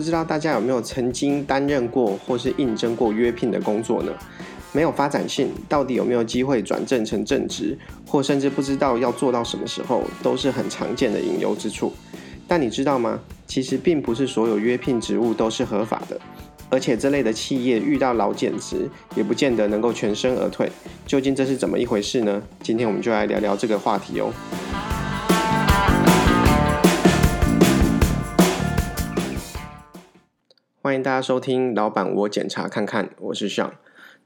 不知道大家有沒有曾經擔任過或是應徵過約聘的工作呢？沒有發展性，到底有沒有機會轉正成正職，或甚至不知道要做到什麼時候，都是很常見的隱憂之處。但你知道嗎？其實並不是所有約聘職務都是合法的，而且這類的企業遇到勞檢職也不見得能夠全身而退。究竟這是怎麼一回事呢？今天我們就來聊聊這個話題哦。歡迎大家收聽《老闆我檢查看看》，我是尚。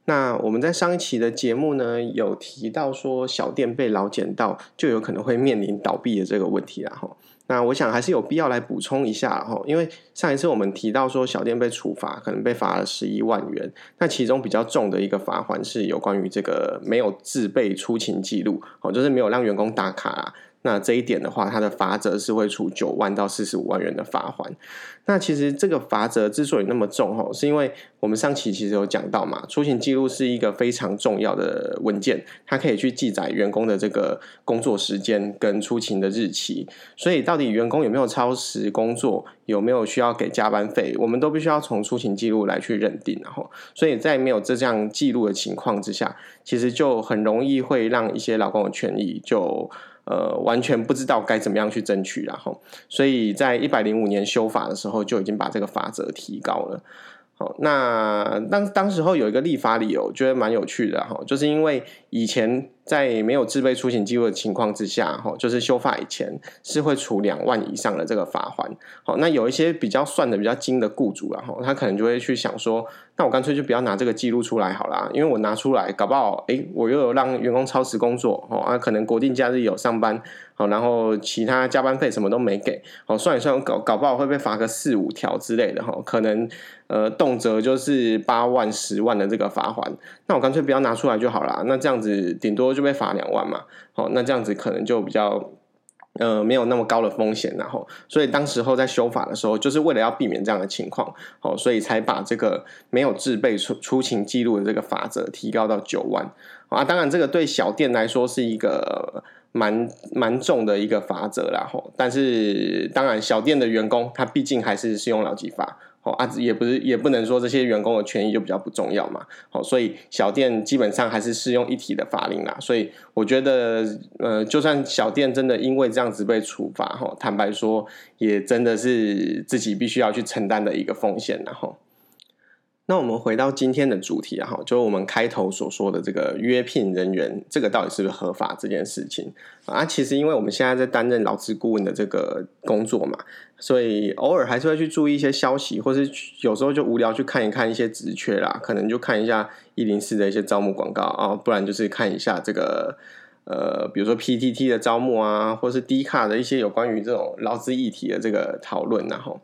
那我們在上一期的節目呢，有提到說小店被勞檢到，就有可能會面臨倒閉的這個問題了哈。那我想還是有必要來補充一下哈，因為上一次我們提到說小店被處罰，可能被罰了十一萬元，那其中比較重的一個罰鍰是有關於這個沒有自備出勤記錄，哦，就是沒有讓員工打卡啦。那這一點的話，它的罰則是會處九萬到四十五萬元的罰鍰。那其實這個罰則之所以那麼重吼，是因為我們上期其實有講到嘛，出勤記錄是一個非常重要的文件，它可以去記載員工的這個工作時間跟出勤的日期。所以到底員工有沒有超時工作，有沒有需要給加班費，我們都必須要從出勤記錄來去認定。然後所以在沒有這項記錄的情況之下，其實就很容易會讓一些勞工的權益就。呃，完全不知道該怎麼樣去爭取啦，哦，然後，所以在一百零五年修法的時候，就已經把這個罰則提高了。好，哦，那當當時候有一個立法理由，我覺得蠻有趣的哈，哦，就是因為以前。在沒有自備出行記錄的情況之下，吼，就是修法以前是會處兩萬以上的這個罰鍰。好，那有一些比較算得比較精的雇主，然後他可能就會去想說，那我乾脆就不要拿這個記錄出來好啦，因為我拿出來，搞不好，誒，我又有讓員工超時工作，哦、啊，可能國定假日有上班，好，然後其他加班費什麼都沒給，好，算一算，搞搞不好會被罰個四五條之類的，哈，可能呃，動輒就是八萬、十萬的這個罰鍰。那我乾脆不要拿出來就好啦，那這樣子頂多。就被罰兩萬嘛，好，那這樣子可能就比較，呃，沒有那麼高的風險，然後，所以當時候在修法的時候，就是為了要避免這樣的情況，好，所以才把這個沒有制備出出勤記錄的這個罰則提高到九萬啊，當然這個對小店來說是一個蠻蠻重的一個罰則，然後，但是，當然小店的員工，他畢竟還是適用勞基法。哦啊，也不是也不能說這些員工的權益就比較不重要嘛。哦，所以小店基本上還是適用一體的法令啦。所以我覺得，呃，就算小店真的因為這樣子被處罰，哈，坦白說，也真的是自己必須要去承擔的一個風險，然後。那我們回到今天的主題啊，哈，就我們開頭所說的這個約聘人員，這個到底是不是合法這件事情啊？其實，因為我們現在在擔任勞資顧問的這個工作嘛，所以偶爾還是會去注意一些消息，或是有時候就無聊去看一看一些職缺啦，可能就看一下一零四的一些招募廣告啊，不然就是看一下這個呃，比如說 PTT 的招募啊，或是 Dcard 的一些有關於這種勞資議題的這個討論，啊，然後。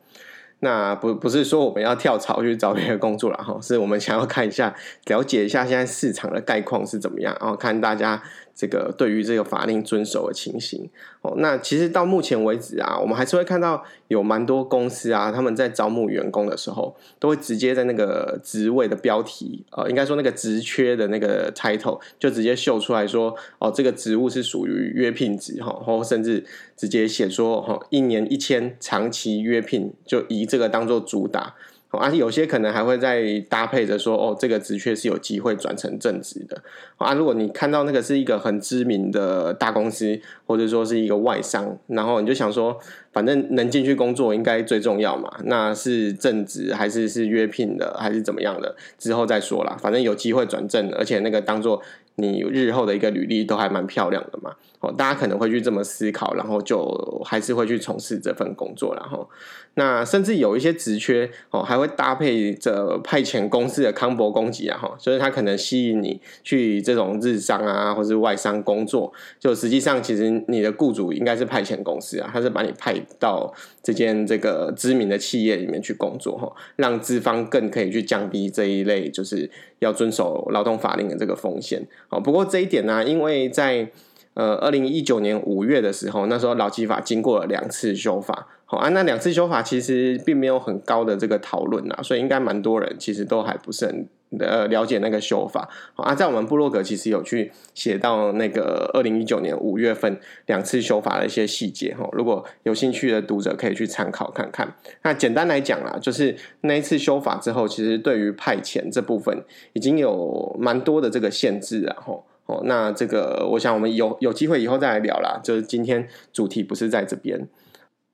那不不是說我們要跳槽去找別的工作了哈，是我們想要看一下、了解一下現在市場的概況是怎麼樣，然後看大家。這個對於這個法令遵守的情形哦，那其實到目前為止啊，我們還是會看到有蠻多公司啊，他們在招募員工的時候，都會直接在那個職位的標題，呃，應該說那個職缺的那個 title，就直接秀出來說，哦，這個職務是屬於約聘職哈，然後、哦、甚至直接寫說、哦、一年一簽，長期約聘，就以這個當做主打。而且、啊、有些可能還會再搭配着說，哦，這個職缺是有機會轉成正職的。啊，如果你看到那個是一個很知名的大公司，或者說是一個外商，然後你就想說，反正能進去工作應該最重要嘛。那是正職還是是約聘的，還是怎麼樣的，之後再說啦。反正有機會轉正，而且那個當做你日後的一個履歷都還蠻漂亮的嘛，哦，大家可能會去這麼思考，然後就還是會去從事這份工作啦，然後那甚至有一些職缺哦，還會搭配着派遣公司的康博攻擊啊，哈，所以他可能吸引你去這種日商啊，或是外商工作，就實際上其實你的僱主應該是派遣公司啊，他是把你派到這間這個知名的企業裡面去工作哈，讓資方更可以去降低這一類就是。要遵守勞動法令的這個風險，好，不過這一點呢、啊，因為在呃二零一九年五月的時候，那時候勞基法經過了兩次修法，好啊，那兩次修法其實並沒有很高的這個討論吶，所以應該蠻多人其實都還不是很。呃，了解那個修法好，啊，在我們部落格其實有去寫到那個二零一九年五月份兩次修法的一些細節哈，如果有興趣的讀者可以去參考看看。那簡單來講啦，就是那一次修法之後，其實對於派遣這部分已經有蠻多的這個限制啦，吼哦，那這個我想我們有有機會以後再來聊啦，就是今天主題不是在這邊。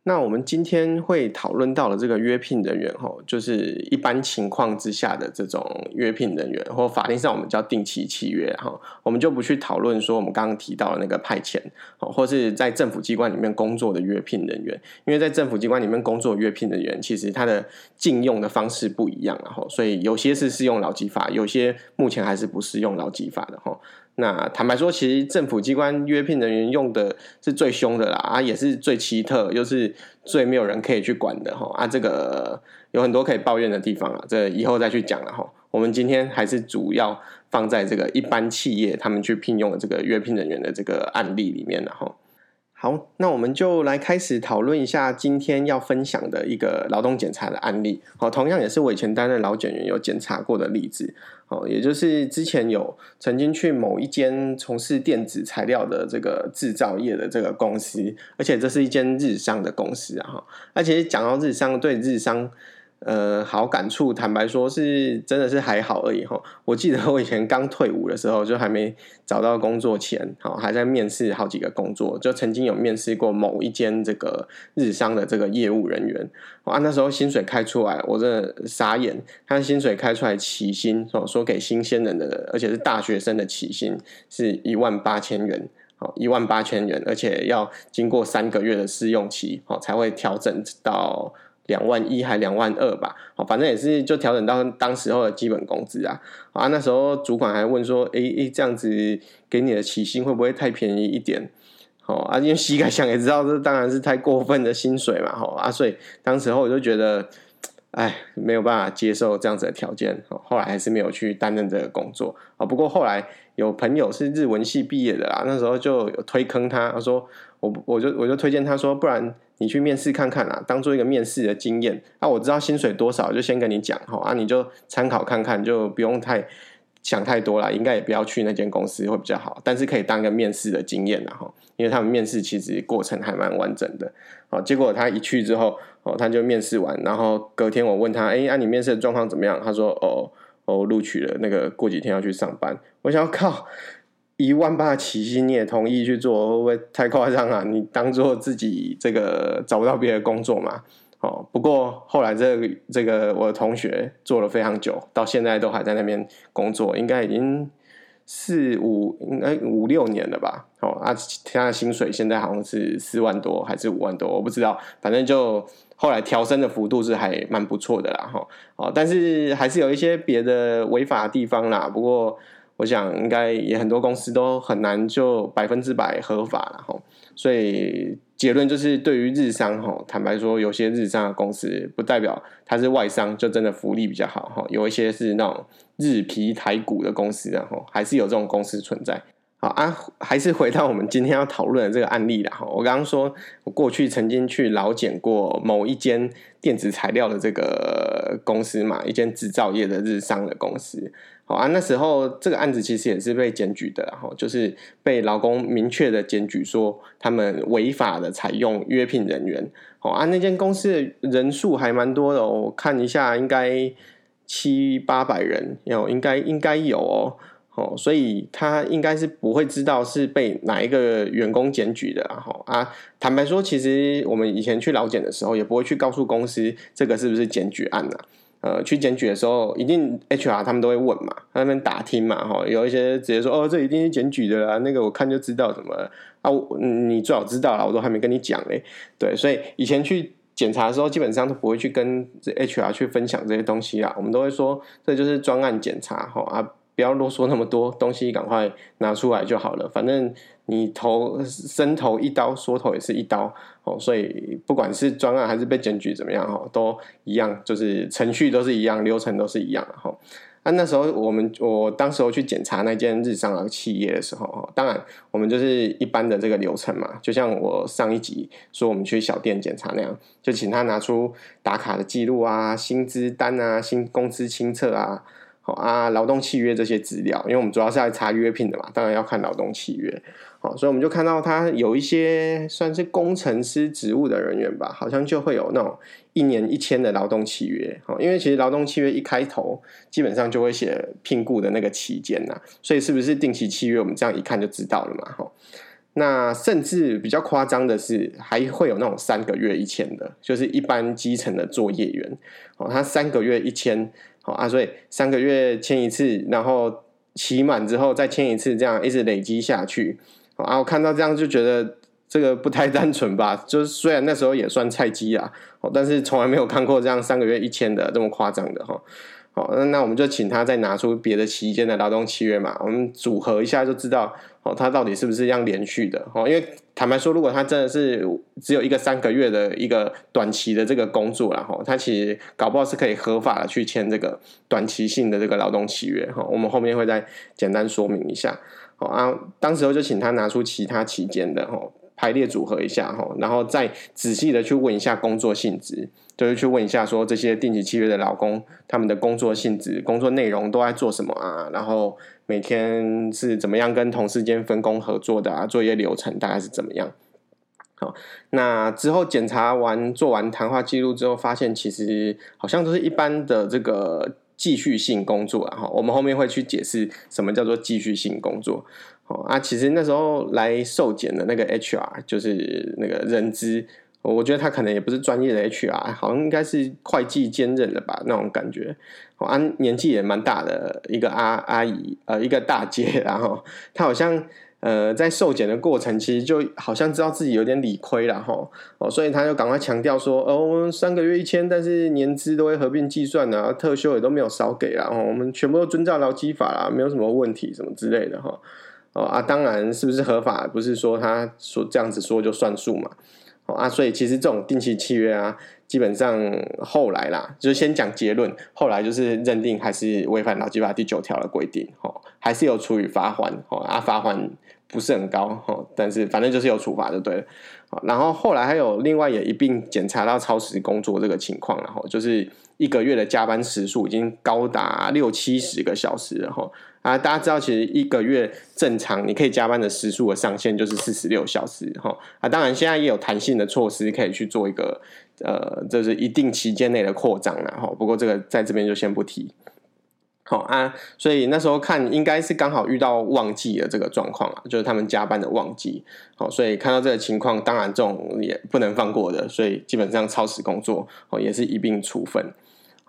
那我們今天會討論到的這個約聘人員，哈，就是一般情況之下的這種約聘人員，或法律上我們叫定期契約，哈，我們就不去討論說我們剛剛提到的那個派遣，或是在政府機關裡面工作的約聘人員，因為在政府機關裡面工作的約聘人員，其實它的禁用的方式不一樣，然後所以有些是適用勞基法，有些目前還是不適用勞基法的，哈。那坦白說，其實政府機關約聘人員用的是最凶的啦，啊，也是最奇特，又是最沒有人可以去管的吼，啊，這個有很多可以抱怨的地方啊。這以後再去講了吼。我們今天還是主要放在這個一般企業他們去聘用的這個約聘人員的這個案例裡面了吼。好，那我們就來開始討論一下今天要分享的一個勞動檢查的案例。好，同樣也是我以前擔任勞檢員有檢查過的例子。好，也就是之前有曾經去某一間從事電子材料的這個制造業的這個公司，而且這是一間日商的公司啊，哈，而且講到日商，對日商。呃，好感觸，坦白說是真的是還好而已哈、哦。我記得我以前剛退伍的時候，就還沒找到工作前，哈、哦，還在面試好幾個工作，就曾經有面試過某一間這個日商的這個業務人員。哇、哦啊，那時候薪水開出來，我真的傻眼。他薪水開出來起薪說說給新鮮人的人，而且是大學生的起薪是一萬八千元，好、哦、一萬八千元，而且要經過三個月的試用期，好、哦、才會調整到。兩萬一還兩萬二吧，反正也是就調整到當時候的基本工資啊啊，那時候主管還問說，哎哎，這樣子給你的起薪會不會太便宜一點？哦啊，因為膝蓋想也知道，這當然是太過分的薪水嘛，哈啊，所以當時候我就覺得，哎，沒有辦法接受這樣子的條件，後來還是沒有去擔任這個工作啊。不過後來有朋友是日文系畢業的啦，那時候就有推坑他，他說我我就我就推薦他說，不然。你去面試看看啦，啊，當做一個面試的經驗。啊，我知道薪水多少，就先跟你講哈。啊，你就參考看看，就不用太想太多啦。應該也不要去那間公司會比較好。但是可以當個面試的經驗，啊，然後因為他們面試其實過程還蠻完整的。好，啊，結果他一去之後，哦，啊，他就面試完，然後隔天我問他，哎，那，啊，你面試的狀況怎麼樣？他說，哦，哦，我錄取了，那個過幾天要去上班。我想要靠。一萬八起薪你也同意去做，會不會太誇張了？你當做自己這個找不到別的工作嘛？哦，不過後來這個、這個我的同學做了非常久，到現在都還在那邊工作，應該已經四五應該五六年了吧？哦，那、啊、他的薪水現在好像是四萬多還是五萬多，我不知道，反正就後來調升的幅度是還蠻不錯的啦，哈哦，但是還是有一些別的違法的地方啦，不過。我想應該也很多公司都很難就百分之百合法然後，哈，所以結論就是對於日商，坦白說，有些日商的公司不代表它是外商就真的福利比較好哈，有一些是那種日皮台股的公司，然後還是有這種公司存在。好啊，還是回到我們今天要討論的這個案例然後哈。我剛剛說我過去曾經去勞檢過某一間電子材料的這個公司嘛，一間製造業的日商的公司。好啊，那時候這個案子其實也是被檢舉的，然後就是被勞工明確的檢舉說他們違法的採用約聘人員。好啊，那間公司的人數還蠻多的，我看一下，應該七八百人有，應該應該有哦。哦，所以他應該是不會知道是被哪一個員工檢舉的，然後啊，坦白說，其實我們以前去勞檢的時候，也不會去告訴公司這個是不是檢舉案啊。呃，去檢舉的時候，一定 HR 他們都會問嘛，在那邊打聽嘛，哈，有一些直接說，哦，這一定是檢舉的啦，那個我看就知道怎麼了啊。嗯，你最好知道了，我都還沒跟你講嘞，對，所以以前去檢查的時候，基本上都不會去跟 HR 去分享這些東西啦，我們都會說，這就是專案檢查，吼，啊。不要囉嗦那麼多東西，趕快拿出來就好了。反正你頭伸頭一刀，縮頭也是一刀哦。所以不管是專案還是被檢舉怎麼樣哈，都一樣，就是程序都是一樣，流程都是一樣哈。啊、那時候我們，我當時候去檢查那間日商企業的時候，當然我們就是一般的這個流程嘛，就像我上一集說我們去小店檢查那樣，就請他拿出打卡的記錄啊、薪資單啊、薪工資清冊啊。好啊，勞動契約這些資料，因為我們主要是來查約聘的嘛，當然要看勞動契約。好，所以我們就看到他有一些算是工程師職務的人員吧，好像就會有那種一年一簽的勞動契約。好，因為其實勞動契約一開頭基本上就會寫聘僱的那個期間吶、啊，所以是不是定期契約，我們這樣一看就知道了嘛。好，那甚至比較誇張的是，還會有那種三個月一簽的，就是一般基層的作業員。好，他三個月一簽。啊，所以三個月簽一次，然後期滿之後再簽一次，這樣一直累積下去。啊，我看到這樣就覺得這個不太單純吧？就是雖然那時候也算菜雞啊，但是從來沒有看過這樣三個月一簽的這麼誇張的哈。好，那那我們就請他再拿出別的期間的勞動契約嘛，我們組合一下就知道。哦，他到底是不是這樣連續的？哦，因為坦白說，如果他真的是只有一個三個月的一個短期的這個工作，然後他其實搞不好是可以合法的去簽這個短期性的這個勞動契約。哈，我們後面會再簡單說明一下。好啊，當時候就請他拿出其他期間的哈，排列組合一下哈，然後再仔細的去問一下工作性質。就是去問一下說，說這些定期契約的勞工，他們的工作性質、工作內容都在做什麼啊？然後每天是怎麼樣跟同事間分工合作的啊？作業流程大概是怎麼樣？好，那之後檢查完、做完談話記錄之後，發現其實好像都是一般的這個繼續性工作。啊。好，我們後面會去解釋什麼叫做繼續性工作。好啊，其實那時候來受檢的那個 HR 就是那個人資。我覺得他可能也不是專業的 HR，好像應該是會計兼任的吧，那種感覺。哦、啊，安年紀也蠻大的一個阿阿姨，呃，一個大姐，然後她好像呃，在受檢的過程，其實就好像知道自己有點理虧了，哈，哦，所以她就趕快強調說，哦，我們三個月一千，但是年資都會合併計算的、啊，特休也都沒有少給啊、哦，我們全部都遵照勞基法啦，沒有什麼問題，什麼之類的哈，哦啊，當然是不是合法，不是說他說這樣子說就算數嘛。啊，所以其實這種定期契約啊，基本上後來啦，就是先講結論，後來就是認定還是違反勞基法第九條的規定，哈，還是有處以罰鍰，哈、啊，啊罰鍰，不是很高哈，但是反正就是有處罰就對了。好，然後後來還有另外也一併檢查到超時工作這個情況，然後就是一個月的加班時數已經高達六七十個小時了哈。啊，大家知道其實一個月正常你可以加班的時數的上限就是四十六小時哈。啊，當然現在也有彈性的措施可以去做一個呃，就是一定期間內的擴張，然後，啊，不過這個在這邊就先不提。好、哦、啊，所以那時候看應該是剛好遇到旺季的這個狀況啊，就是他們加班的旺季。好、哦，所以看到這個情況，當然這種也不能放過的，所以基本上超時工作哦，也是一併處分。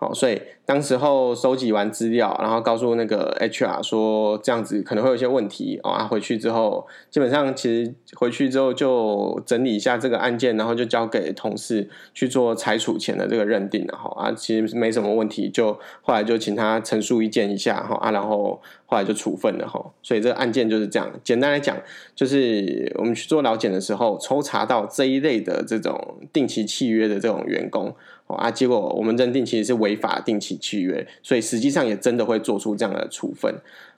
好，所以當時候收集完資料，然後告訴那個 HR 說這樣子可能會有一些問題哦。啊，回去之後基本上其實回去之後就整理一下這個案件，然後就交給同事去做裁處前的這個認定，然後啊其實沒什麼問題，就後來就請他陳述意見一下哈啊，然後後來就處分了哈。所以這個案件就是這樣，簡單來講就是我們去做勞檢的時候抽查到這一類的這種定期契約的這種員工。啊，結果我們認定其實是違法定期契約，所以實際上也真的會做出這樣的處分。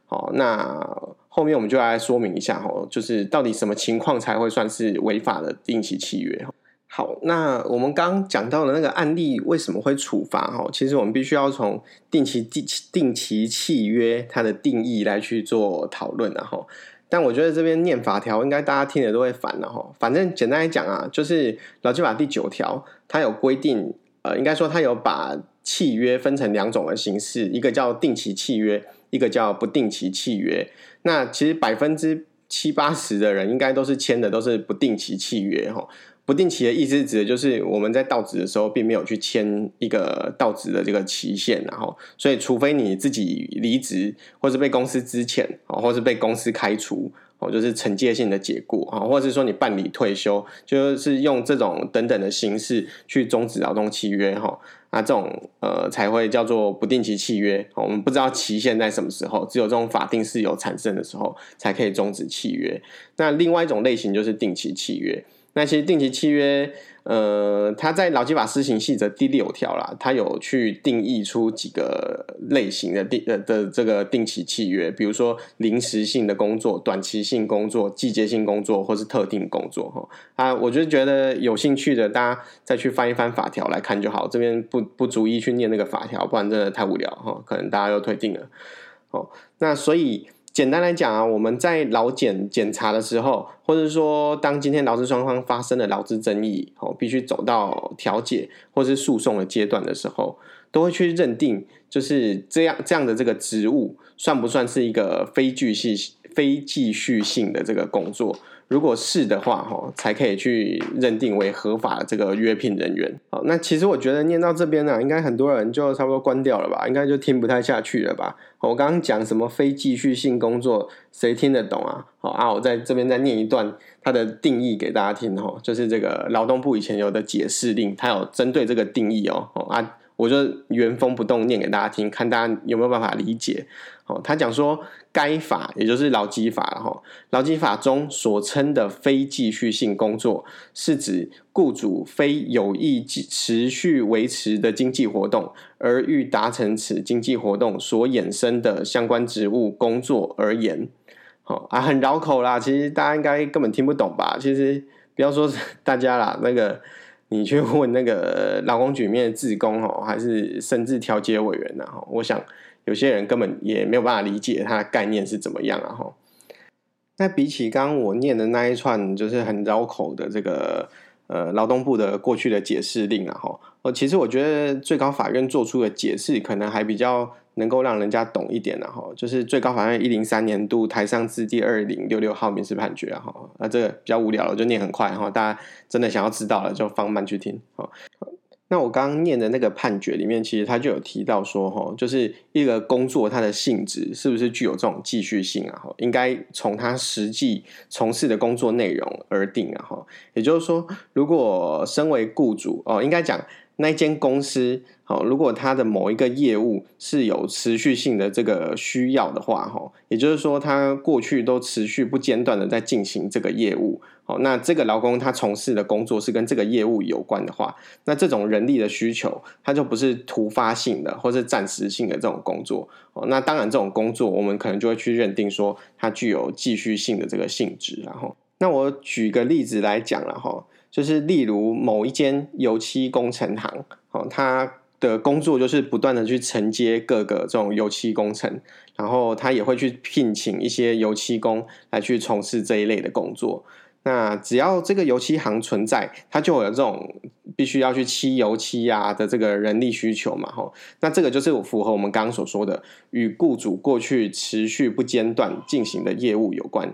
好，哦，那後面我們就來說明一下，哈，就是到底什麼情況才會算是違法的定期契約。好，那我們剛，剛講到的那個案例為什麼會處罰？哈，其實我們必須要從定期定期定期契約它的定義來去做討論，然後，但我覺得這邊念法條應該大家聽得都會煩的哈。反正簡單來講啊，就是勞基法第九條它有規定。呃，應該說它有把契約分成兩種的形式，一個叫定期契約，一個叫不定期契約。那其實百分之七八十的人應該都是簽的都是不定期契約哈。不定期的意思指的就是我們在到職的時候並沒有去簽一個到職的這個期限，然後所以除非你自己離職或是被公司資遣，或是被公司開除。哦，就是懲戒性的解雇哈，或者是說你辦理退休，就是用這種等等的形式去終止勞動契約哈。那這種呃才會叫做不定期契約，我們不知道期限在什麼時候，只有這種法定事由產生的時候才可以終止契約。那另外一種類型就是定期契約，那其實定期契約。呃，他在勞基法施行細則第六條啦，他有去定義出幾個類型的定呃的、的、的這個定期契約，比如說臨時性的工作、短期性工作、季節性工作或是特定工作哈啊，我就覺得有興趣的大家再去翻一翻法條來看就好，這邊不不逐一去念那個法條，不然真的太無聊哈，可能大家又退訂了哦。那所以。簡單來講啊，我們在勞檢檢查的時候，或者說當今天勞資雙方發生了勞資爭議，哦，必須走到調解或是訴訟的階段的時候，都會去認定，就是這樣這樣的這個職務，算不算是一個非繼續、非繼續性的這個工作？如果是的話，才可以去認定為合法的這個約聘人員。好，那其實我覺得念到這邊呢、啊，應該很多人就差不多關掉了吧，應該就聽不太下去了吧。我剛剛講什麼非繼續性工作，誰聽得懂啊？好啊，我在這邊再念一段它的定義給大家聽。吼，就是這個勞動部以前有的解釋令，它有針對這個定義哦。好啊。我就原封不動念給大家聽，看大家有沒有辦法理解。哦、他講說，該法也就是勞基法，然後勞基法中所稱的非繼續性工作，是指雇主非有意持續維持的經濟活動，而欲達成此經濟活動所衍生的相關職務工作而言。好、哦、啊，很繞口啦，其實大家應該根本聽不懂吧？其實不要說大家啦，那個。你去問那個勞工局裡面的職工哦，還是甚至調解委員，我想有些人根本也沒有辦法理解他的概念是怎麼樣。那比起剛剛我念的那一串就是很繞口的這個呃勞動部的過去的解釋令啊，我其實我覺得最高法院做出的解釋可能還比較。能夠讓人家懂一點，啊，然後就是最高法院一零三年度台上字第二零六六號民事判決，啊，哈，那這個比較無聊了，我就念很快，哈，大家真的想要知道了就放慢去聽，那我剛剛念的那個判決裡面，其實他就有提到說，哈，就是一個工作它的性質是不是具有這種繼續性啊？應該從他實際從事的工作內容而定，然後，也就是說，如果身為雇主哦，應該講。那一間公司，好，如果他的某一個業務是有持續性的這個需要的話，哈，也就是說，他過去都持續不間斷的在進行這個業務，那這個勞工他從事的工作是跟這個業務有關的話，那這種人力的需求，它就不是突發性的或是暫時性的這種工作，哦，那當然這種工作，我們可能就會去認定說它具有繼續性的這個性質，然後，那我舉個例子來講了，然後。就是例如某一間油漆工程行，哦，他的工作就是不斷的去承接各個這種油漆工程，然後他也會去聘請一些油漆工來去從事這一類的工作。那只要這個油漆行存在，他就有這種必須要去漆油漆啊的這個人力需求嘛，吼。那這個就是符合我們剛剛所說的，與僱主過去持續不間斷進行的業務有關。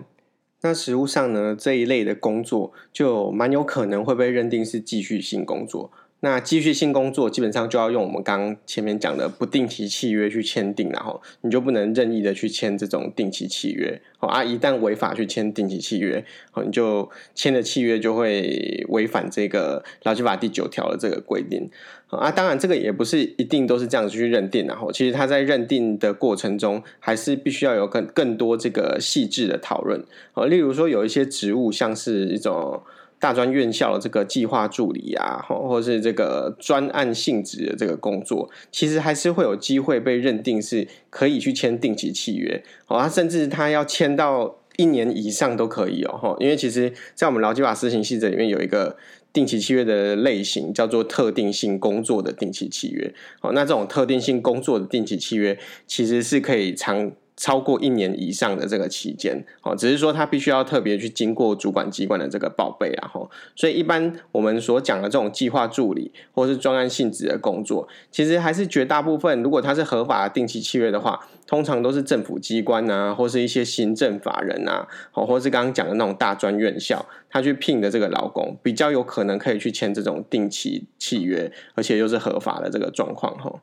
那實務上呢，這一類的工作就蠻有可能會被認定是繼續性工作。那繼續性工作基本上就要用我們剛前面講的不定期契約去簽訂，然後你就不能任意的去簽這種定期契約。啊，一旦違法去簽定期契約，好，你就簽的契約就會違反這個勞基法第九條的這個規定。啊，當然這個也不是一定都是這樣子去認定，然後其實它在認定的過程中還是必須要有更更多這個細緻的討論。好，例如說有一些職務像是一種。大專院校的這個計劃助理啊，或或是這個專案性質的這個工作，其實還是會有機會被認定是可以去簽定期契約哦。啊、甚至他要簽到一年以上都可以哦，因為其實在我們勞基法施行細則裡面有一個定期契約的類型，叫做特定性工作的定期契約。哦，那這種特定性工作的定期契約其實是可以長。超過一年以上的這個期間，哦，只是說他必須要特別去經過主管機關的這個報備，啊，然後，所以一般我們所講的這種計劃助理或是專案性質的工作，其實還是絕大部分，如果他是合法的定期契約的話，通常都是政府機關啊，或是一些行政法人啊，哦，或是剛剛講的那種大專院校，他去聘的這個勞工，比較有可能可以去簽這種定期契約，而且又是合法的這個狀況，哈。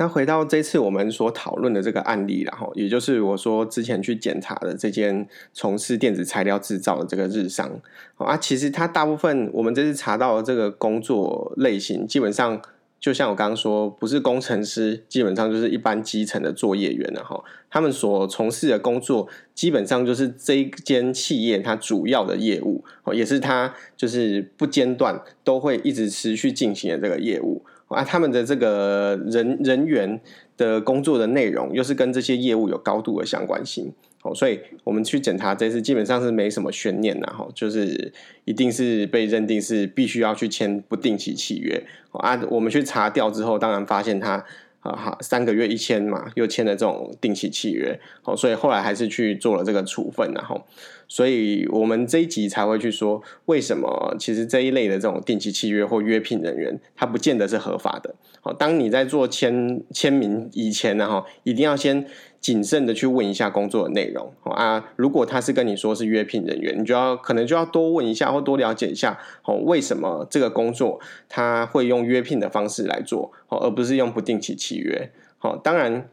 那回到這次我們所討論的這個案例，然後也就是我說之前去檢查的這間從事電子材料製造的這個日商啊，其實它大部分我們這次查到的這個工作類型，基本上就像我剛剛說，不是工程師，基本上就是一般基層的作業員，然後他們所從事的工作，基本上就是這一間企業它主要的業務，也是它就是不間斷都會一直持續進行的這個業務。啊，他們的這個人人員的工作的內容又是跟這些業務有高度的相關性，哦，所以我們去檢查這次基本上是沒什麼懸念，然後，哦，就是一定是被認定是必須要去簽不定期契約，哦，啊。我們去查調之後，當然發現他。啊哈，三個月一簽嘛，又簽了這種定期契約，好、哦，所以後來還是去做了這個處分，然後，所以我們這一集才會去說，為什麼其實這一類的這種定期契約或約聘人員，它不見得是合法的。好、哦，當你在做簽簽名以前然、啊、後一定要先。謹慎的去問一下工作的內容，好啊。如果他是跟你說是約聘人員，你就要可能就要多問一下或多了解一下，好，為什麼這個工作他會用約聘的方式來做，好，而不是用不定期契約，好，當然。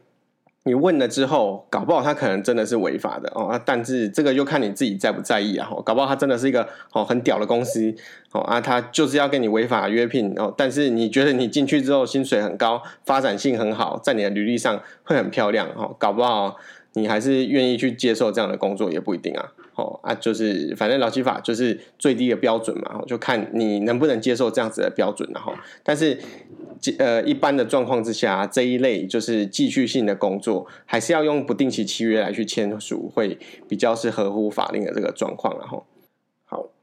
你問了之後，搞不好他可能真的是違法的哦，啊。但是這個又看你自己在不在意啊。搞不好他真的是一個哦很屌的公司哦啊，他就是要跟你違法約聘哦。但是你覺得你進去之後薪水很高，發展性很好，在你的履歷上會很漂亮哦。搞不好你還是願意去接受這樣的工作也不一定啊。哦啊，就是反正勞基法就是最低的標準嘛，就看你能不能接受這樣子的標準，然後，但是，呃，一般的狀況之下，這一類就是繼續性的工作，還是要用不定期契約來去簽署，會比較是合乎法令的這個狀況，然後。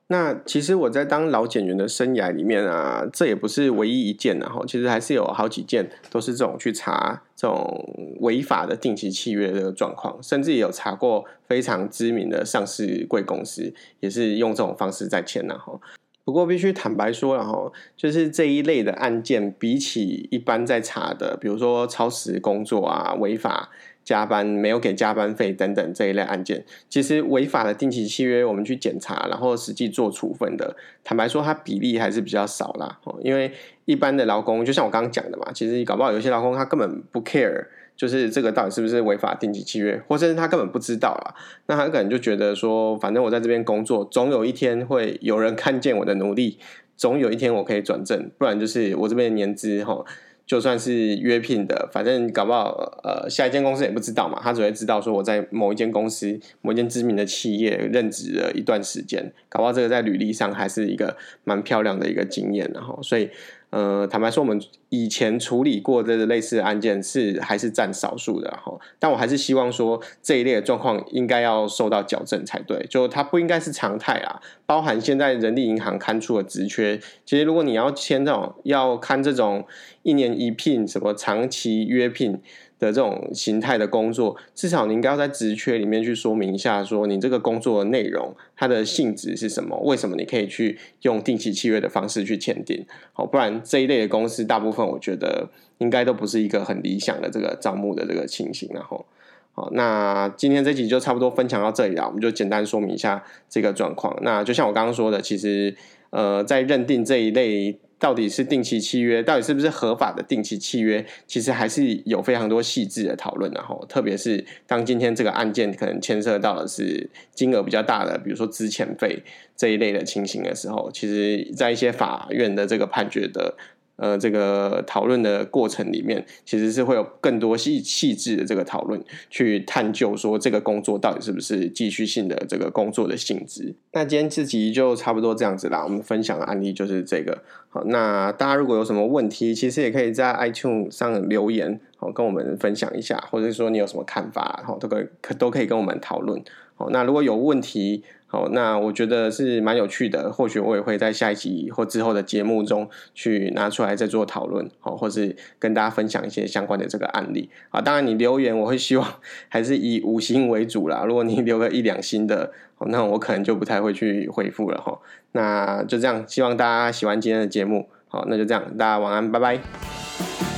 那其實我在當勞檢員的生涯裡面啊，這也不是唯一一件然後，其實還是有好幾件都是這種去查這種違法的定期契約的狀況，甚至也有查過非常知名的上市櫃公司，也是用這種方式在簽然後。不過必須坦白說然後，就是這一類的案件比起一般在查的，比如說超時工作啊違法。加班沒有給加班費等等這一類案件，其實違法的定期契約，我們去檢查，然後實際做處分的，坦白說，它比例還是比較少啦。因為一般的勞工，就像我剛剛講的嘛，其實搞不好有些勞工他根本不 care，就是這個到底是不是違法定期契約，或者是他根本不知道啦。那他可能就覺得說，反正我在這邊工作，總有一天會有人看見我的努力，總有一天我可以轉正，不然就是我這邊的年資哈。就算是約聘的，反正搞不好呃，下一間公司也不知道嘛。他只會知道說，我在某一間公司、某一間知名的企業任職了一段時間，搞不好這個在履歷上還是一個蠻漂亮的一個經驗啊，然後所以。呃，坦白說，我們以前處理過這個類似的案件，是還是占少數的哈。但我還是希望說，這一類的狀況應該要受到矯正才對，就它不應該是常態啊。包含現在人力銀行刊出的職缺，其實如果你要簽這種，要看這種一年一聘、什麼長期約聘。的這種形態的工作，至少你應該要在職缺裡面去說明一下，說你這個工作的內容，它的性質是什麼？為什麼你可以去用定期契約的方式去簽訂？好，不然這一類的公司，大部分我覺得應該都不是一個很理想的這個招募的這個情形。然後，好，那今天這集就差不多分享到這裡了，我們就簡單說明一下這個狀況。那就像我剛剛說的，其實呃，在認定這一類。到底是定期契約，到底是不是合法的定期契約？其實還是有非常多細緻的討論，然後，特別是當今天這個案件可能牽涉到的是金額比較大的，比如說資遣費這一類的情形的時候，其實，在一些法院的這個判決的。呃，這個討論的過程裡面，其實是會有更多細細緻的這個討論，去探究說這個工作到底是不是繼續性的這個工作的性質。那今天這集就差不多這樣子啦，我們分享的案例就是這個。好，那大家如果有什麼問題，其實也可以在 iTunes 上留言，好跟我們分享一下，或者說你有什麼看法，好都可以都可以跟我們討論。好，那如果有問題。好，那我覺得是蠻有趣的，或許我也會在下一集或之後的節目中去拿出來再做討論，好，或是跟大家分享一些相關的這個案例。好，當然，你留言我會希望還是以五星為主啦。如果你留個一兩星的好，那我可能就不太會去回復了。好，那就這樣，希望大家喜歡今天的節目。好，那就這樣，大家晚安，拜拜。